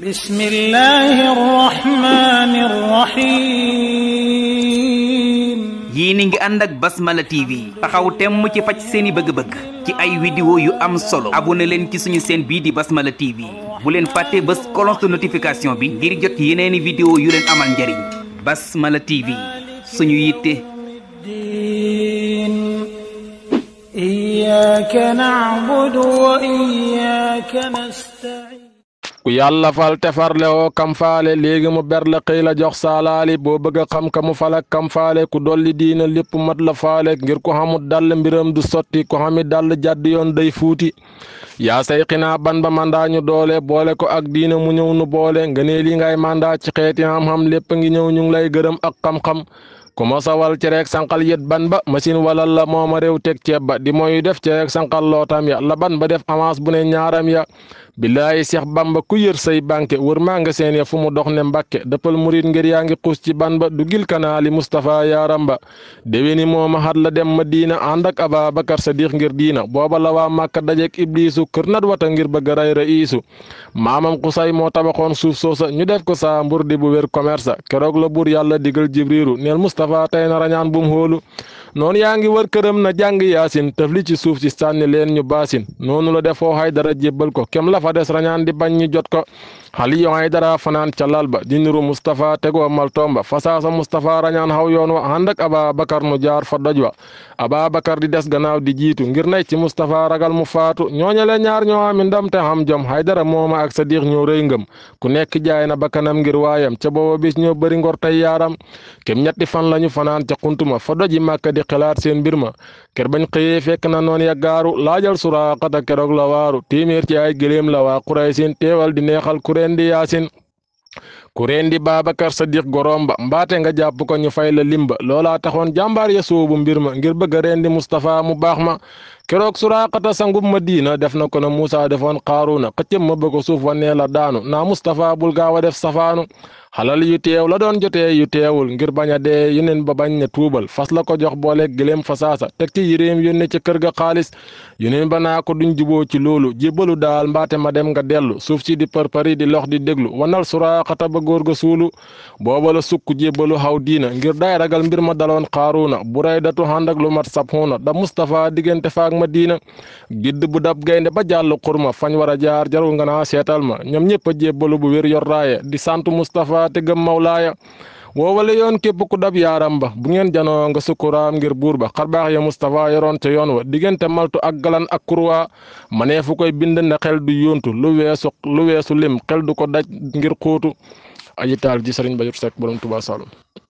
بسم الله الرحمن الرحيم yii ni ngi ànd ak Basmala TV taxaw temm ci faj seeni bëgg-bëgg ci ay vidéo yu am solo abonné leen ci suñu seen bii di Basmala TV bu leen fàttee bés cloche de bi ngir jot yeneeni vidéo yu leen amal njariñ Basmala TV suñu yitte إياك نعبد وإياك نستعين ku yàlla fal te farle woo kam faale léegi mu ber la xëy la jox saalaali boo bëgg a xam ka mu falak kam faale ku dolli diina lépp mat la faale ngir ku xamut dàll mbiram du sotti ku xami dàll jàdd yoon day fuuti yaa say xinaa ban ba mandaa doole boole ko ak diina mu ñëw nu boole nga ne li ngay mandaa ci xeeti xam-xam lépp a ngi ñëw ñu ngi lay gërëm ak xam-xam ku ma sawal cereeg sànqal yët ban ba machine walal la mooma réew teg ceeb ba di mooyu def cereeg sànqal lootam ban ba def avance bu ne ñaaram ya billaayi seex bamba ku yër say banque wër maa nga seen ya fu mu dox ne mbàkke dëppal murit ngir yaa ngi xuus ci ban ba du gil kanaali mustapha yaaramba déwéni moo ma xat la dem ma diina ànd ak sa sadiq ngir diina booba la waa màkka dajeek ibliisu kër nat wata ngir bëgg ray ra'iisu maamam xusay moo tabaxoon suuf soosa ñu def ko saa mbur di bu wér commerce keroog la buur yàlla digal jibriiru neel mustapha tey na rañaan bum hóolu noonu yaa ngi wër këram na jàng yaasin tëf li ci suuf si sànni leen ñu baasin noonu la defoo Haydara jébbal ko kem la fa des rañaan di bañ ñu jot ko Aliyu Haydara fanaan ca lal ba di niru Mustapha tegoo maltomba fasaasa Mustapha rañaan xaw yoon wa ànd ak Ababakar mu jaar fa doj wa Ababakar di des gannaaw di jiitu ngir nay ci Mustapha ragal mu faatu ñooñale ñaar ñoo am ndam te xam jom Haydara mooma ak Sadiq ñoo rëy ngëm ku nekk jaay na bakkanam ngir waayam ca booba bis ñoo bëri di xalaat seen mbir ma ker bañ xëyee fekk na noon ya gaaru laajal suraaqata keroog la waaru téeméer ci ay gëléem la waa Quraysin teewal di neexal kureen di yaasin kureen di Baabakar Sadiq gorom ba mbaate nga jàpp ko ñu fay la limba loolaa taxoon jàmbaar ya soobu mbir ma ngir bëgg a reen di Mustapha mu baax ma keroog suraaqata ma Madina def na ko na Muusa defoon Qaaruuna xëccëm ma ba suuf wa la daanu naa Mustapha bul gaaw def safaanu xalal yu teew la doon jotee yu teewul ngir bañ dee yeneen ba bañ ne tuubal fas la ko jox boole gëléem fa saasa teg ci yëréem yónne ci kër ga xaalis yeneen ba naa ko duñ juboo ci loolu jébbalu daal mbaate ma dem nga dellu suuf si di parpari di lox di déglu wanal suraaxata ba góor ga suulu booba la sukk jébbalu xaw diina ngir daay ragal mbir ma daloon xaaruuna bu ray datu xànd ak lu mat sabxuuna da Mustapha diggante faak ma diina gidd bu dab gaynde ba jàll xurma fañ war a jaar jarul nga seetal ñoom ñëpp a jébbalu bu Mustafa te gëm Mawlaaya woowale yoon képp ku dab yaaram ba bu ngeen janoo nga sukkuraam ngir buur ba xarbaax ya Moustapha yoroon ca yoon wa diggante maltu ak galan ak kurwa manee fu koy bind ne xel du yóontu lu weesu weesu lim xel du ko daj ngir xóotu aji taal ji sëriñ Bassirou Seck